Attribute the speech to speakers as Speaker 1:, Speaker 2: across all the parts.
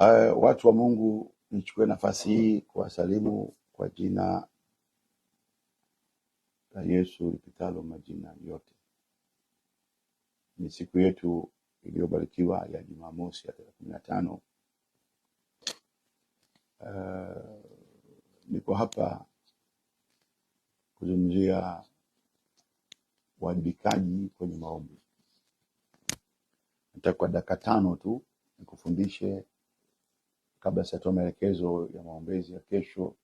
Speaker 1: Uh, watu wa Mungu, nichukue nafasi hii kuwasalimu kwa jina la Yesu lipitalo majina yote. Ni siku yetu iliyobarikiwa ya Jumamosi ya tarehe kumi na tano. Uh, niko hapa kuzungumzia uwajibikaji kwenye maombi. Nitakuwa dakika tano tu nikufundishe kabla sijatoa maelekezo ya maombezi ya kesho,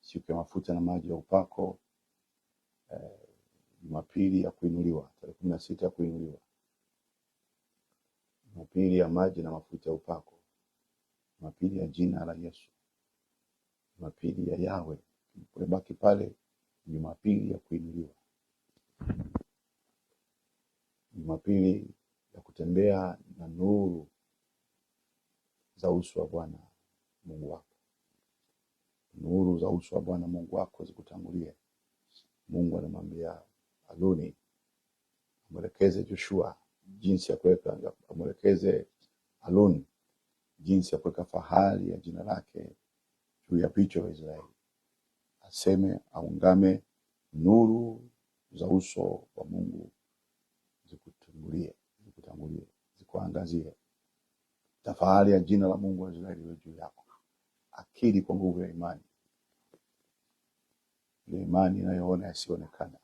Speaker 1: siku ya mafuta na maji ya upako, eh, Jumapili eh, ya kuinuliwa tarehe kumi na sita ya kuinuliwa, Jumapili ya maji na mafuta ya upako, Jumapili ya jina la Yesu, Jumapili ya Yawe, kulebaki pale Jumapili ya kuinuliwa, Jumapili ya kutembea na nuru za uso wa Bwana Mungu wako. Nuru za uso wa Bwana Mungu wako zikutangulie. Mungu anamwambia Haruni amwelekeze Joshua jinsi ya kuweka, amwelekeze Haruni jinsi ya kuweka fahari ya jina lake juu ya vichwa vya Israeli, aseme aungame. Nuru za uso wa Mungu zikutangulie, zikutangulie, zikuangazie tafahari fahari ya jina la Mungu wa Israeli iwe juu yako. Akili kwa nguvu ya imani, ile imani inayoona yasionekana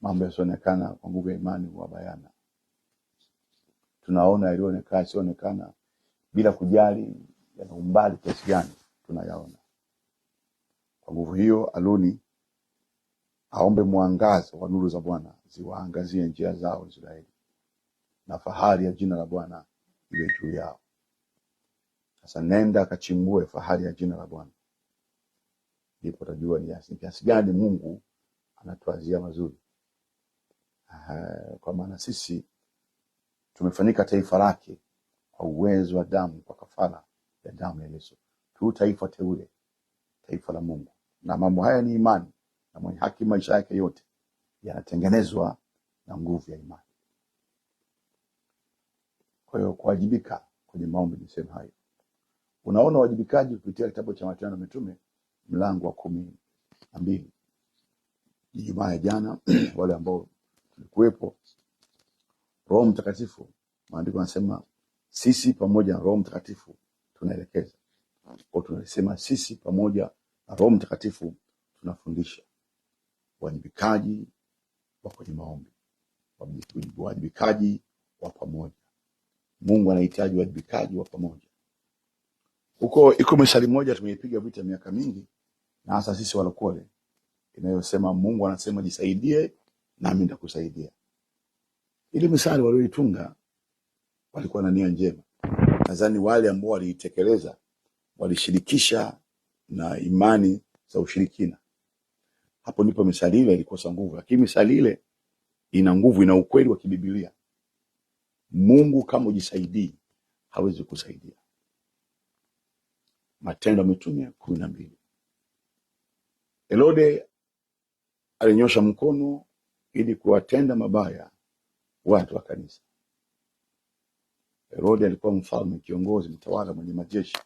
Speaker 1: mambo yasionekana Kwa nguvu ya imani huwabayana, tunaona yaliyoonekana, yasionekana, bila kujali yana umbali kiasi gani, tunayaona kwa nguvu hiyo. Aluni aombe mwangazo wa nuru za Bwana ziwaangazie njia zao Israeli na fahari ya jina la Bwana iwe juu yao. Sasa nenda akachimbue fahari ya jina la Bwana, ndipo utajua ni kiasi gani Mungu anatuazia mazuri, kwa maana sisi tumefanyika taifa lake kwa uwezo wa damu, kwa kafara ya damu ya Yesu. Tu taifa teule, taifa la Mungu, na mambo haya ni imani, na mwenye haki maisha yake yote yanatengenezwa na nguvu ya imani. Kwa hiyo kuwajibika kwenye maombi ni sehemu hayo. Unaona uwajibikaji kupitia kitabu cha Matendo ya Mitume mlango wa kumi na mbili. Ijumaa ya jana wale ambao tulikuwepo, Roho Mtakatifu, maandiko yanasema sisi pamoja na Roho Mtakatifu tunaelekeza, kwa tunasema sisi pamoja na Roho Mtakatifu tunafundisha. Uwajibikaji wa kwenye maombi, uwajibikaji wa pamoja. Mungu anahitaji wajibikaji wa pamoja. Huko iko methali moja tumeipiga vita miaka mingi, na hasa sisi walokole, inayosema Mungu anasema jisaidie, nami nitakusaidia. Ili methali walioitunga walikuwa na nia njema. Nadhani wale ambao waliitekeleza walishirikisha na imani za ushirikina. Hapo ndipo methali ile ilikosa nguvu, lakini methali ile ina nguvu, ina ukweli wa kibibilia. Mungu kama ujisaidii hawezi kusaidia. Matendo ya Mitume kumi na mbili. Herode alinyosha mkono ili kuwatenda mabaya watu wa kanisa. Herode alikuwa mfalme, kiongozi, mtawala, mwenye majeshi,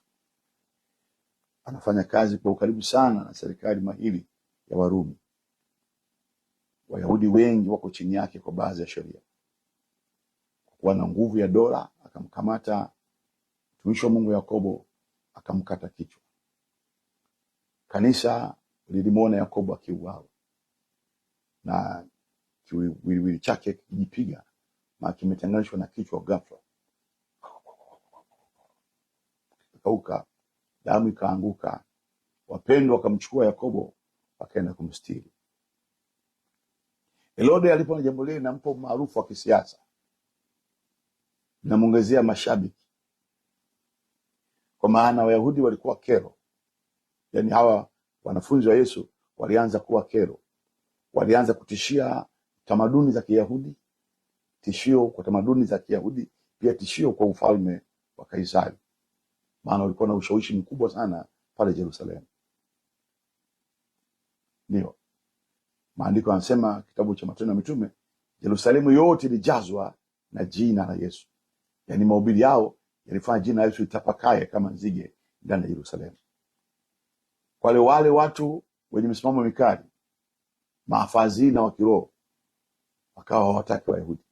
Speaker 1: anafanya kazi kwa ukaribu sana na serikali mahili ya Warumi. Wayahudi wengi wako chini yake kwa baadhi ya sheria kuwa na nguvu ya dola, akamkamata mtumishi wa Mungu Yakobo akamkata kichwa. Kanisa lilimwona Yakobo akiuawa na kiwiliwili chake kijipiga, na kimetenganishwa na kichwa ghafla, kauka damu ikaanguka. Wapendwa wakamchukua Yakobo wakaenda kumstiri. Herode alipoona jambo lile, nampa umaarufu wa kisiasa namwongezea mashabiki, kwa maana Wayahudi walikuwa kero, yaani hawa wanafunzi wa Yesu walianza kuwa kero, walianza kutishia tamaduni za Kiyahudi, tishio kwa tamaduni za Kiyahudi, pia tishio kwa ufalme wa Kaisari, maana walikuwa na ushawishi mkubwa sana pale Yerusalemu. Ndio maandiko yanasema, kitabu cha Matendo ya Mitume, Yerusalemu yote ilijazwa na jina la Yesu yani mahubiri yao yalifanya jina Yesu litapakaye kama nzige ndani ya Yerusalemu. Kwa wale watu wenye misimamo mikali, maafazii na wakiroho wakawa hawataki Wayahudi,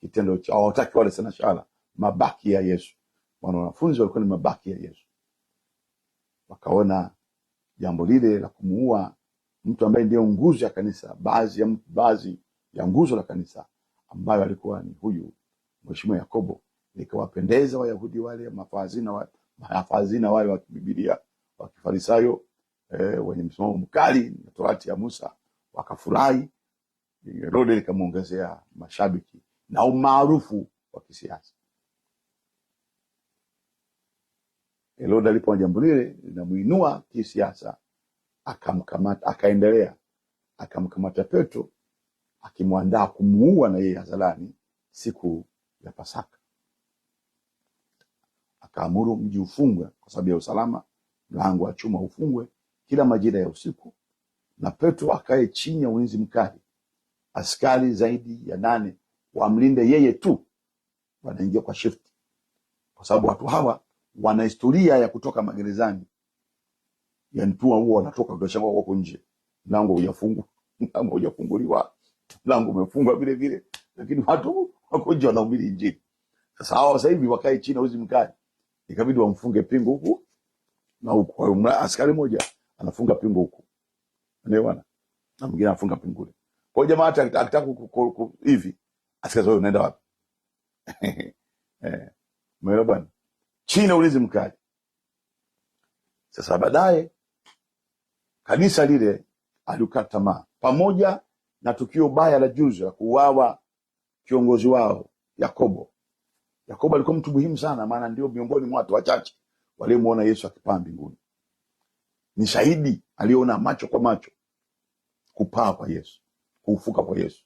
Speaker 1: kitendo cha hawataki wale sanashara, mabaki ya Yesu. wana Wanafunzi walikuwa ni mabaki ya Yesu, wakaona jambo lile la kumuua mtu ambaye ndiyo nguzo ya kanisa, baadhi ya, baadhi ya nguzo la kanisa ambayo alikuwa ni huyu Mheshimiwa Yakobo Nikawapendeza Wayahudi wale mafazina wa, mafazina wale wa kibibilia wa kifarisayo eh, wenye msimamo mkali na torati ya Musa wakafurahi. Herode likamwongezea mashabiki na umaarufu wa kisiasa. Herode alipoona jambo lile linamuinua kisiasa, akamkamata, akaendelea akamkamata Petro akimwandaa kumuua na yeye hadharani siku ya Pasaka akaamuru mji ufungwe kwa sababu ya usalama, mlango wa chuma ufungwe kila majira ya usiku, na Petro akae chini ya ulinzi mkali, askari zaidi ya nane wamlinde yeye tu, wanaingia kwa shift, kwa sababu watu hawa wana historia ya kutoka magerezani, yani tu huo wanatoka ukashanga wako nje, mlango hujafungwa, mlango hujafunguliwa, mlango umefungwa vile vile, lakini watu wako nje wanahubiri Injili. Sasa hawa sasa hivi wakae chini ya ulinzi mkali ikabidi wamfunge pingu huku na huku. Kwa Askari moja anafunga pingu huku, unaelewana, na mwingine anafunga pingu ile. Kwa hiyo jamaa hata akitaka hivi, askari wao unaenda wapi? eh, umeelewa bwana, chini ulizi mkali. Sasa baadaye kanisa lile alikata tamaa, pamoja na tukio baya la juzi la kuuawa kiongozi wao Yakobo Yakobo alikuwa mtu muhimu sana, maana ndio miongoni mwa watu wachache waliomwona Yesu akipaa mbinguni. Ni shahidi aliyoona macho kwa macho kupaa kwa Yesu, kuufuka kwa Yesu.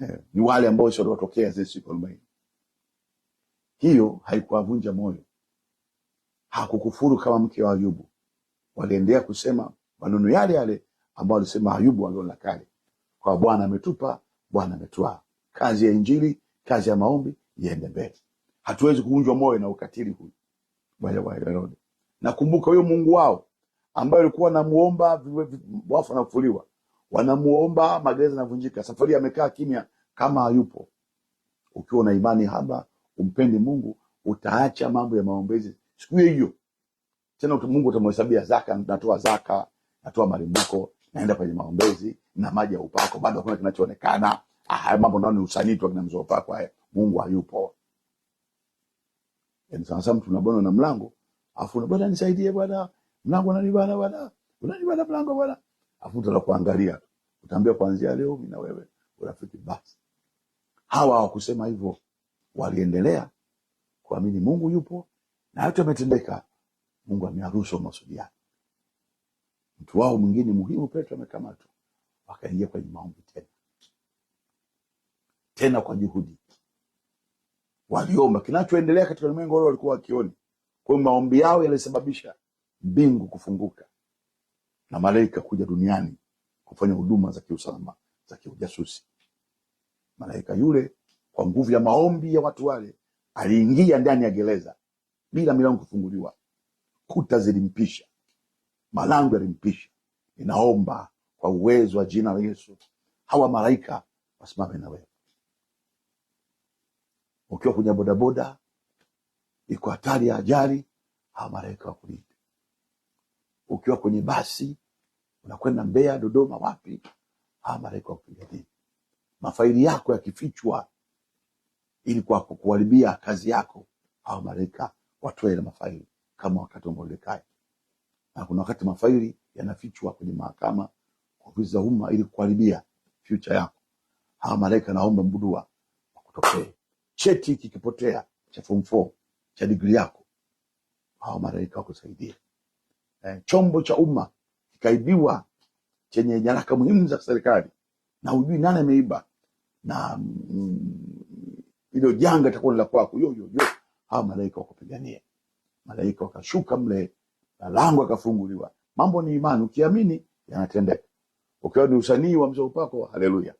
Speaker 1: Eh, ni wale ambao Yesu aliwatokea zile siku arobaini. Hiyo haikuwavunja moyo, hakukufuru kama mke wa Ayubu. Waliendelea kusema maneno yale yale ambayo alisema Ayubu aliona kale, kwa Bwana ametupa, Bwana ametwaa. Kazi ya Injili, kazi ya maombi iende mbele. Hatuwezi kuvunjwa moyo na ukatili huu baya wa Herode. Nakumbuka huyo Mungu wao ambaye alikuwa wanamuomba wafu wanafufuliwa, wanamuomba magereza yanavunjika, safari amekaa kimya kama hayupo. Ukiwa na imani haba, umpendi Mungu, utaacha mambo ya maombezi siku hiyo hiyo tena. Mungu utamhesabia zaka, natoa zaka, natoa malimbuko, naenda kwenye maombezi na maji ya upako, bado hakuna kinachoonekana. Ah, mambo ndio ni usanii tu, kina mzee upako haya Mungu hayupo. Yaani sasa mtu tunabana na mlango, afu bwana nisaidie bwana, mlango unanibana bwana. Unanibana mlango bwana. Afu kuangalia, Utaambia kuanzia leo mimi na wewe urafiki basi. Hawa hawakusema hivyo. Waliendelea kuamini Mungu yupo na yote yametendeka. Mungu amearusha masudi yake. Mtu wao mwingine muhimu Petro amekamatwa, wakaingia kwenye maombi tena tena kwa juhudi waliomba, kinachoendelea katika ulimwengu wale walikuwa wakioni. Kwa hiyo maombi yao yalisababisha mbingu kufunguka na malaika kuja duniani kufanya huduma za kiusalama za kiujasusi. Malaika yule kwa nguvu ya maombi ya watu wale aliingia ndani ya gereza bila milango kufunguliwa, kuta zilimpisha, malango yalimpisha. Ninaomba kwa uwezo wa jina la Yesu, hawa malaika wasimame na wewe. Ukiwa kwenye bodaboda, iko hatari ya ajali, hawa malaika wakulinde. Ukiwa kwenye basi unakwenda Mbeya, Dodoma, wapi, hawa malaika wakulinde. Mafaili yako yakifichwa ili kuharibia kazi yako, hawa malaika watoe ile mafaili, kama wakati wa Mordekai. Na kuna wakati mafaili yanafichwa kwenye mahakama, ofisi za umma, ili kuharibia future yako. Hawa malaika naomba mbudua wakutokee cheti kikipotea cha form 4 cha digrii yako, hao malaika wakusaidia. E, eh, chombo cha umma kikaibiwa chenye nyaraka muhimu za serikali na hujui nani ameiba na mm, mm, janga itakuwa la kwako yo, yo, yo. Hao malaika wakupigania, malaika wakashuka mle na lango akafunguliwa. Mambo ni imani, ukiamini yanatendeka. Ukiwa ni usanii wa mzee upako, haleluya!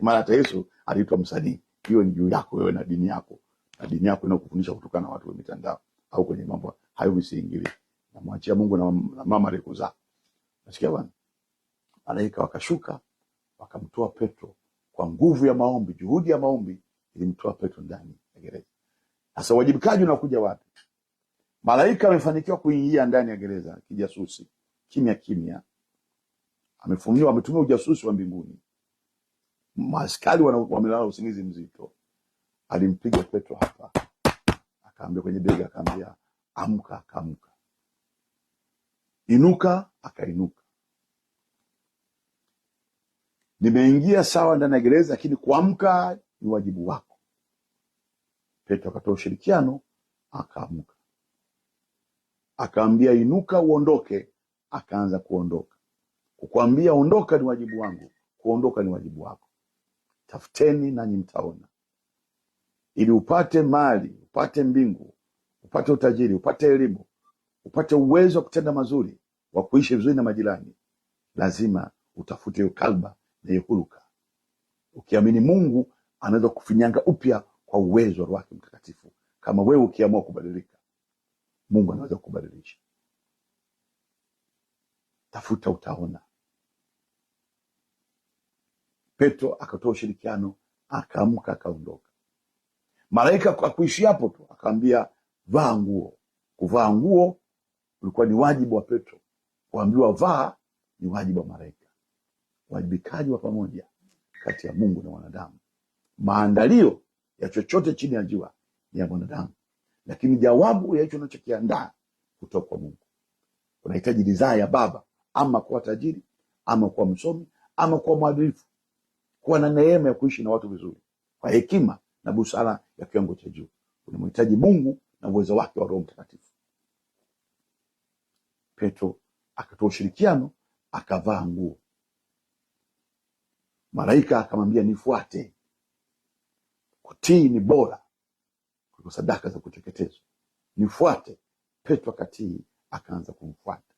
Speaker 1: Maana hata Yesu aliitwa msanii hiyo ni juu yako wewe na dini yako na dini yako inakufundisha kutokana na watu wa mitandao au kwenye mambo hayo, msiingilie, namwachia Mungu na, na mama aliyekuzaa. Nasikia bwana, malaika wakashuka wakamtoa Petro kwa nguvu ya maombi. Juhudi ya maombi ilimtoa Petro ndani ya gereza. Sasa wajibikaji unakuja wapi? Malaika amefanikiwa kuingia ndani ya gereza kijasusi, kimya kimya, amefunuliwa, ametumia ujasusi wa mbinguni maskari wamelala usingizi mzito. Alimpiga Petro hapa, akaambia kwenye bega, akaambia amka, akaamka, inuka, akainuka. Nimeingia sawa ndani ya gereza, lakini kuamka ni wajibu wako. Petro akatoa ushirikiano, akaamka, akaambia inuka, uondoke, akaanza kuondoka. Kukwambia ondoka ni wajibu wangu, kuondoka ni wajibu wako tafuteni nanyi mtaona, ili upate mali, upate mbingu, upate utajiri, upate elimu, upate uwezo wa kutenda mazuri, wa kuishi vizuri na majirani, lazima utafute hiyo kalba na hiyo huruka. Ukiamini Mungu anaweza kufinyanga upya kwa uwezo wa wake Mtakatifu. Kama wewe ukiamua kubadilika, Mungu anaweza kubadilisha. Tafuta, utaona. Petro akatoa ushirikiano, akaamka, akaondoka. Malaika kwa kuishi hapo tu akaambia vaa nguo. Kuvaa nguo ulikuwa ni wajibu wa Petro, kuambiwa vaa ni wajibu wa malaika. Uwajibikaji wa pamoja kati ya Mungu na wanadamu. Maandalio ya chochote chini ya jua ni ya mwanadamu, lakini jawabu ya hicho unachokiandaa kutoka kwa Mungu. Unahitaji ridhaa ya Baba, ama kuwa tajiri, ama kuwa msomi, ama kuwa mwadilifu kuwa na neema ya kuishi na watu vizuri kwa hekima na busara ya kiwango cha juu. Unamhitaji Mungu na uwezo wake wa Roho Mtakatifu. Petro akatoa ushirikiano, akavaa nguo. Malaika akamwambia nifuate. Kutii ni bora kuliko sadaka za kuteketezwa, nifuate. Petro akatii, akaanza kumfuata.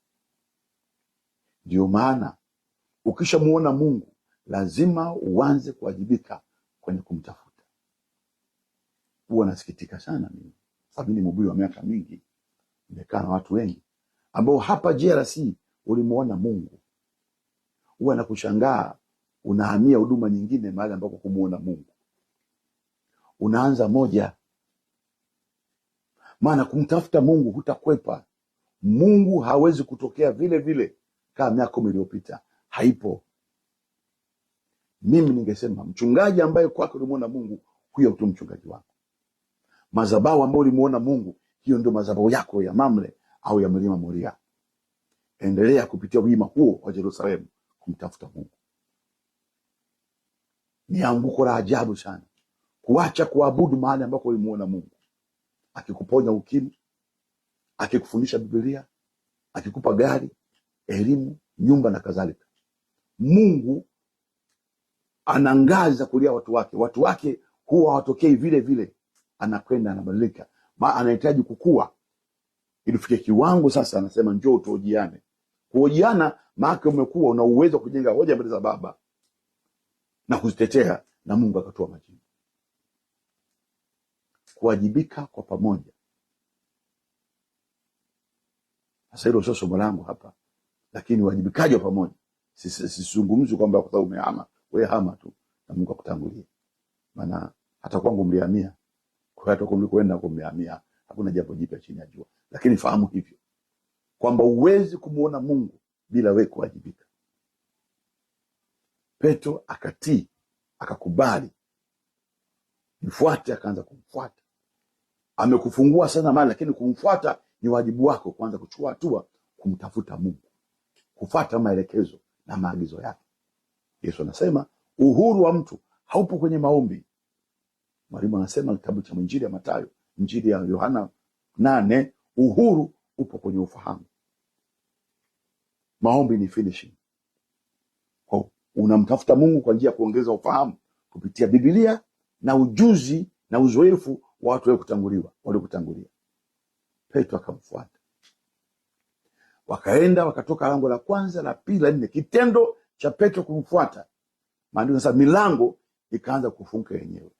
Speaker 1: Ndio maana ukishamuona Mungu lazima uanze kuwajibika kwenye kumtafuta. Huwa nasikitika sana mimi, sababu ni mhubiri wa miaka mingi, nimekaa na watu wengi ambao hapa JRC ulimuona Mungu. Huwa nakushangaa unahamia huduma nyingine mahali ambako kumuona Mungu. Unaanza moja, maana kumtafuta Mungu hutakwepa. Mungu hawezi kutokea vile vile kama miaka kumi iliyopita, haipo. Mimi ningesema mchungaji ambaye kwake ulimuona Mungu, huyo tu mchungaji wako. Madhabahu ambayo ulimuona Mungu, hiyo ndio madhabahu yako ya Mamre au ya mlima Moria. Endelea kupitia wima huo wa Yerusalemu kumtafuta Mungu. Ni anguko la ajabu sana kuacha kuabudu mahali ambako ulimuona Mungu, akikuponya ukimwi, akikufundisha Biblia, akikupa gari, elimu, nyumba na kadhalika. Mungu ana ngazi za kulia watu wake. Watu wake huwa hawatokei vile vile, anakwenda anabadilika, anahitaji kukua ili kiwango. Sasa anasema njoo tuojiane. Kuojiana maake umekuwa una uwezo wa kujenga hoja mbele za Baba na kuzitetea, na Mungu akatoa majibu. Kuwajibika kwa pamoja. Sasa hilo sio somo langu hapa, lakini uwajibikaji wa pamoja, sizungumzi kwamba kwa sababu umehama we hama tu na Mungu akutangulie, maana hata kwangu mlihamia, kwa hiyo hata kumlikoenda kumlihamia, hakuna jambo jipya chini ya jua. Lakini fahamu hivyo kwamba uwezi kumuona Mungu bila wewe kuwajibika. Petro akatii, akakubali, mfuate, akaanza kumfuata. Amekufungua sana mali, lakini kumfuata ni wajibu wako, kwanza kuchukua hatua kumtafuta Mungu, kufuata maelekezo na maagizo yake. Yesu anasema uhuru wa mtu haupo kwenye maombi. Mwalimu anasema kitabu cha Injili ya Mathayo, Injili ya Yohana nane, uhuru upo kwenye ufahamu. Maombi ni finishing. Kwa unamtafuta Mungu kwa njia ya kuongeza ufahamu kupitia Biblia na ujuzi na uzoefu wa watu waliokutanguliwa waliokutangulia. Petro akamfuata, wakaenda wakatoka lango la kwanza la pili la nne, kitendo cha Petro kumfuata, maandiko sasa milango ikaanza kufunga yenyewe.